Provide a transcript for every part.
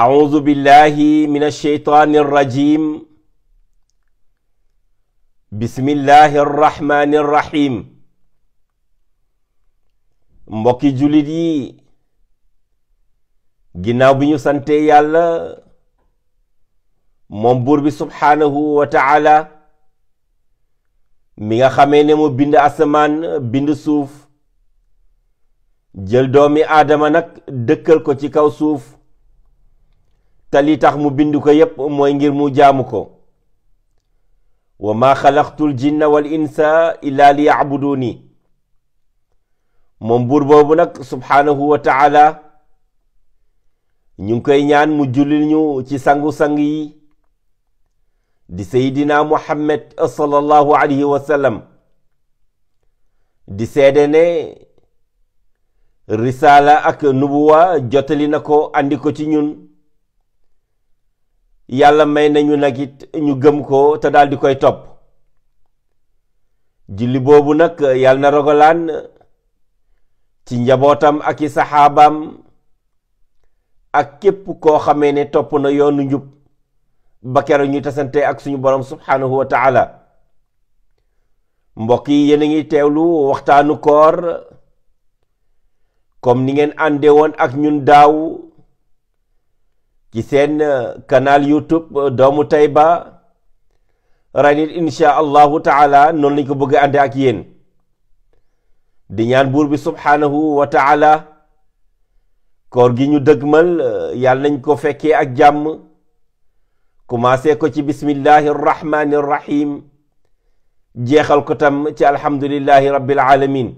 أعوذ بالله من الشيطان الرجيم بسم الله الرحمن الرحيم mbokki jullit yi ginnaaw bi ñu sante yàlla moom buur bi subhaanahu wa taala mi nga xamee ne bind asamaan bind suuf jël doomi aadama nag dëkkal ko ci kaw suuf te li tax mu bind ko yépp mooy ngir mu jaamu ko wa ma xalaqtul jinna wal insa illa li yacbuduni moom buur boobu nag subhaanahu wa taala ñu ngi koy ñaan mu jullil ñu ci sangu-sang yi di seydina muhammad sallallahu alayhi wa sallam di seede ne ak nubuwa jotali na ko andi ko ci ñun yàlla may nañu nag it ñu gëm ko te daal di koy topp julli boobu nag yàlla na rogalaan ci njabootam ak i saxaabaam ak képp koo xamee ne topp na yoonu njub ba keroog ñu tasante ak suñu borom subhaanahu wa taala mbokk yi yéen a ngi teewlu waxtaanu koor kom ni ngeen ànde woon ak ñun daaw ci seen euh, canal youtube euh, doomu Tayba ranit insha allahu taala noonu lañ ko bëgg ànd ak yéen di ñaan buur bi subhaanahu wa taala koor gi ñu dëgmal euh, yàlla nañ ko fekkee ak jàmm commencé ko ci bismillahi arrahmani arrahim jeexal ko tam ci alhamdulillahi rabbil alamin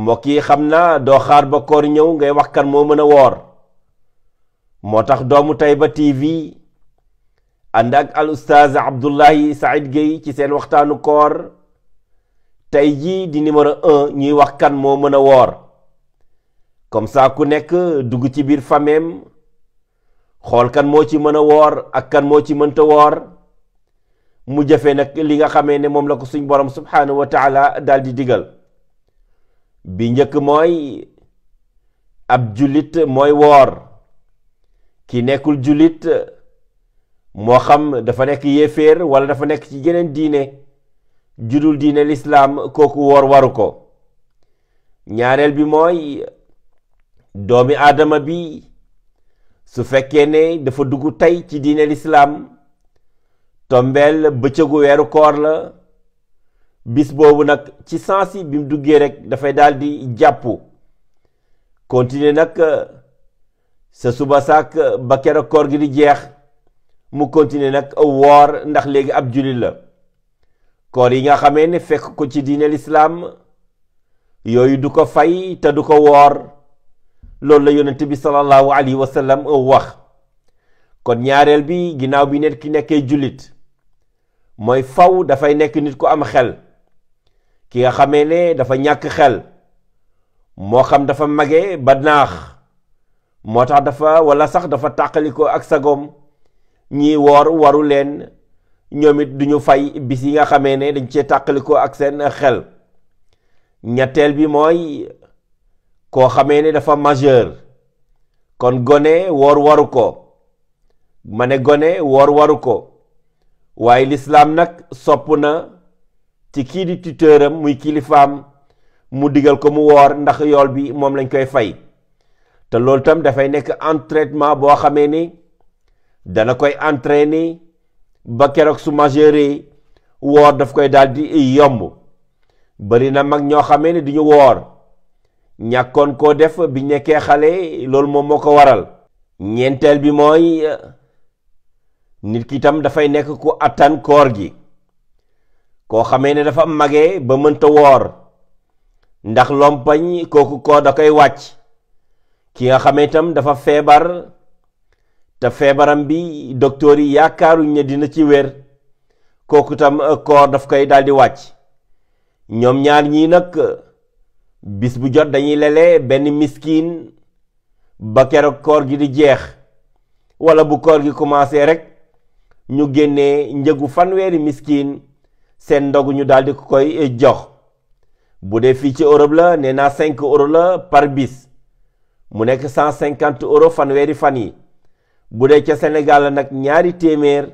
mbokk yi xam naa doo xaar ba koor ñëw ngay wax kan moo mën a woor moo tax doomu Tayba TV ànd ak al ustaaz Abdoulaye Saïd Gueye ci seen waxtaanu koor tey jii di numéro un ñuy wax kan moo mën a woor comme saa ku nekk dugg ci biir fameem xool kan moo ci mën a woor ak kan moo ci mënta woor mu jëfe nag li nga xamee ne moom la ko suñ borom subhaanahu wa taala daal di digal bi njëkk mooy ab jullit mooy woor ki nekkul jullit moo xam dafa nekk yéeféer wala dafa nekk ci geneen diine judul diine lislaam kooku woor waru ko ñaareel bi mooy doomi aadama bi su fekkee ne dafa dugg tey ci diine lislaam tombeel bëccëgu weeru koor la bis boobu nag ci sansi bi mu duggee rek dafay daal di jàpp nag sa suba sàkk euh, ba keroog koor gi di jeex mu continuer nag woor ndax léegi ab jullit la koor yi nga xamee ne fekk ko ci diine lislaam yooyu du ko fay te du ko woor loolu la yonent bi sallallahu alayhi wa sallam euh, wax kon ñaareel bi ginnaaw bi nit ki nekkee jullit mooy faw dafay nekk nit ku am xel ki nga xamee ne dafa ñàkk xel moo xam dafa mage ba naax moo tax dafa wala sax dafa tàqalikoo ak sagoom ñi woor waru leen ñoom it duñu fay bis yi nga xamee ne dañ cee tàqalikoo ak seen xel ñetteel bi mooy koo xamee ne dafa majeur kon gone woor waru ko ma ne gone woor waru ko waaye lislaam nag sopp na ci kii di tuteuram muy kilifaam mu digal ko mu woor ndax yool bi moom lañ koy fay te loolu tam dafay nekk entraînement boo xamee ni dana koy entraîner ba keroog su majeure woor daf koy daal di yomb bari na mag ñoo xamee ne duñu woor ñàkkoon koo def bi nekkee xale loolu moom moo ko waral ñeenteel bi mooy nit ki tam dafay nekk ku attan koor gi koo xamee ne dafa magee ba mënta woor ndax lompañ kooku koor da koy wàcc ki nga xamee itam dafa feebar te feebaram bi docteur yi yaakaaruñ ne dina ci wér kooku itam euh, koor daf koy daal di wàcc ñoom ñaar ñii nag euh, bis bu jot dañuy lele benn miskin ba keroog koor gi di jeex walla bu koor gi commencé rek ñu génnee njëgu fanweeri miskin seen ndog ñu daal koy euh, jox bu dee fii ci Europe la nee naa 5 euro la par bis mu nekk 150 euro fanweeri fan yi bu dee ca Sénégal nag ñaari téeméer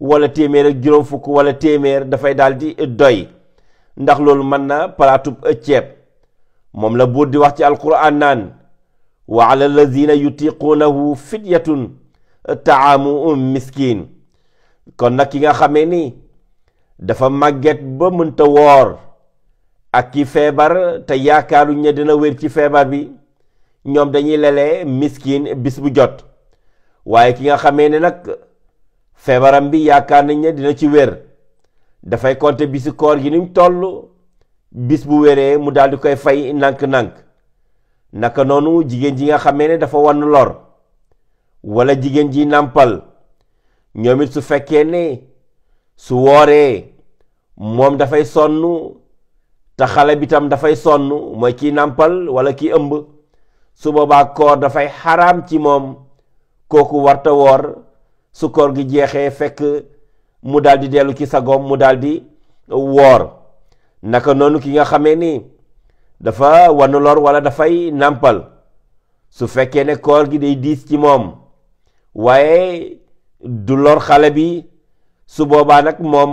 wala téeméer ak juróom fukk wala téeméer dafay daal di doy ndax loolu mën na palaatub ceeb moom la buur di wax ci alquran naan wa ala lazina yutiquunahu fidyatun taamu miskin kon nag ki nga xamee ni dafa màgget ba mënta woor ak ki feebar te yaakaaru ne dina wér ci feebar bi ñoom dañuy lelee miskin bis bu jot waaye ki nga xamee ne nag feebaram bi yaakaar nañ ne dina ci wér dafay compter bisi koor gi niñ toll bis bu wéree mu daal di koy fay nànk-nànk naka noonu jigéen ji nga xamee ne dafa wan lor wala jigéen ji nàmpal ñoom it su fekkee ne su wooree moom dafay sonn te xale bi tam dafay sonn mooy kiy nàmpal wala kiy ëmb su boobaa koor dafay xaraam ci moom kooku warta woor su koor gi jeexee fekk mu daldi dellu ci sagoom mu daldi woor naka noonu ki nga xamee ni dafa wan lor wala dafay nàmpal su fekkee ne koor gi day diis ci moom waaye du lor xale bi su boobaa nag moom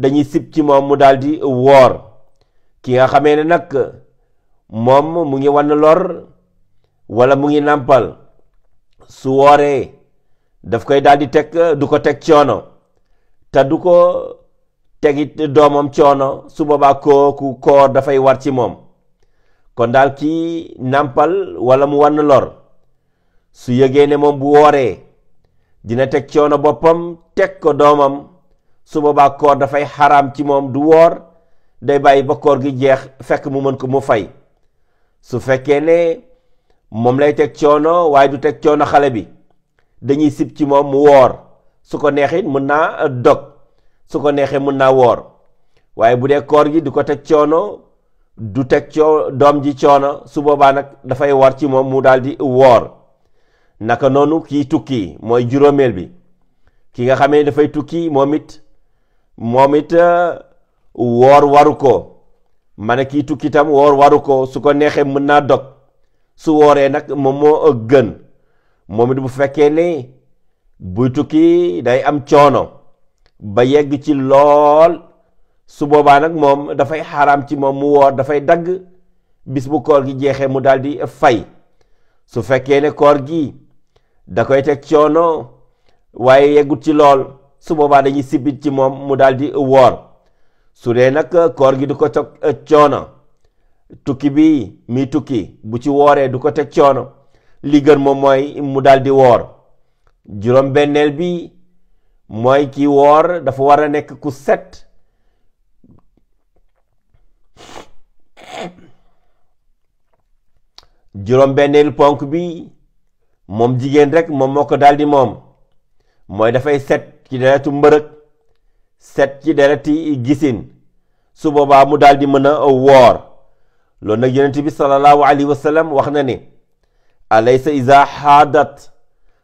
dañuy sib ci moom mu daldi woor ki nga xamee ne nag moom mu ngi wan lor wala mu ngi nàmpal su wooree daf koy daal di teg du ko teg coono te du ko tegit doomam coono su boobaa kooku koor dafay war ci moom kon daal kii nàmpal wala mu wann lor su yëgee ne moom bu wooree dina teg coono boppam teg ko doomam su boobaa koor dafay xaraam ci moom du woor day bàyyi ba koor gi jeex fekk mu mën ko mu fay su fekkee ne moom lay teg coono waaye du teg coono xale bi dañuy sib ci moom mu woor su ko neexee mën naa dog su ko neexee mën naa woor waaye bu dee gi du ko teg coono du teg coo doom ji coono su boobaa nag dafay war ci moom mu daal di woor naka noonu kii tukki mooy juróomeel bi ki nga xamee dafay tukki moom it moom it euh, waru ko ma ne kii tukki tam waru ko su ko neexee mën naa dog su wooree nag moom moo gën moom it bu fekkee ne buy tukki day am coono ba yegg ci lool su boobaa nag moom dafay xaraam ci moom mu woor dafay dagg bis bu koor gi jeexee mu daldi fay su fekkee ne koor gi da koy teg coono waaye yeggut ci lool su boobaa dañuy sibbit ci moom mu daldi woor su dee nag koor gi du ko teg coono tukki bi mi tukki bu ci wooree du ko teg coono li gën moom mooy mu daldi woor juróom benneel bi mooy ki woor dafa war a nekk ku set juróom benneelu ponk bi moom jigéen rek moom moo ko daldi moom mooy dafay set ci deretu mbërëg set ci dereti gisin su boobaa mu daldi mën a aw woor loolu nag yonent bi sallallahu alayhi wa sallam wax na ni alaysa iza xaadat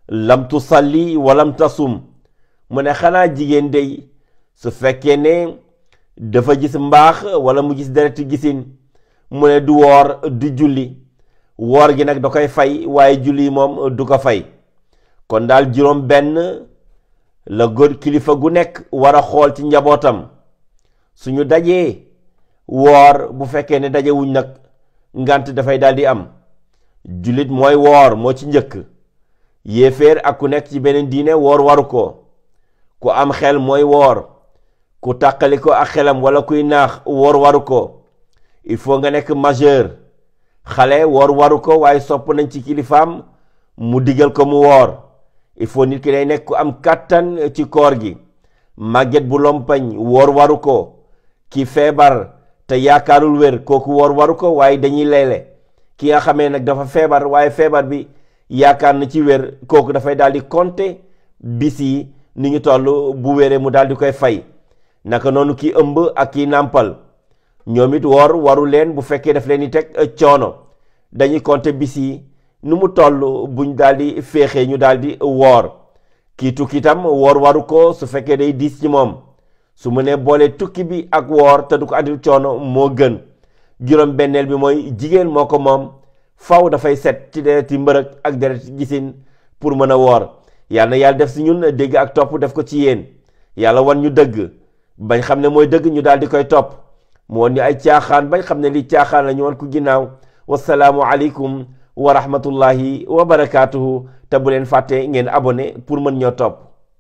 lam tusalli wa lam mu ne xanaa jigéen day su fekkee ne dafa gis mbaax wala mu gis deret gisin mu ne du woor du julli woor gi nag da koy fay waaye julli moom du ko fay kon daal juróom benn la gor kilifa gu nekk war a xool ci njabootam suñu dajee woor bu fekkee ne dajewuñ nag ngant dafay daal di am jullit mooy woor moo ci njëkk yéeféer ak ku nekk ci beneen diine woor waru ko ku am xel mooy woor ku tàqali ko ak xelam wala kuy naax woor waru ko il faut nga nekk majeur xale woor waru ko waaye sopp nañ ci kilifaam mu digal ko mu woor il faut nit ki day nekk ku am kàttan ci koor gi màgget bu lompañ woor waru ko ki feebar te yaakaarul wér kooku woor waru ko waaye dañuy leyle ki nga xamee nag dafa feebar waaye feebar bi yaakaar na ci wér kooku dafay daal di compter bis yi ni ñu toll bu wéree mu daal di koy fay naka noonu ki ëmb ak ki nàmpal ñoom it woor waru leen bu fekkee daf leen di teg coono dañuy compter bis yi nu mu toll buñ daal di féexee ñu daal di woor kii tukki itam woor waru ko su fekkee day diis ci moom. su mu nee boolee tukki bi ak woor te du ko andil coono moo gën juróom benneel bi mooy jigéen moo ko moom faw dafay set ci dereti mbërëg ak dereti gisin pour mën a woor yàlla na yàlla def si ñun dégg ak topp def ko ci yéen yàlla wan ñu dëgg bañ xam ne mooy dëgg ñu daal di koy topp mu wan ñu ay caaxaan bañ xam ne li caaxaan la ñu wan ko ginnaaw wasalaamu aleykum wa rahmatullahi wa barakaatuhu te bu leen fàttee ngeen abonné pour mën ñoo topp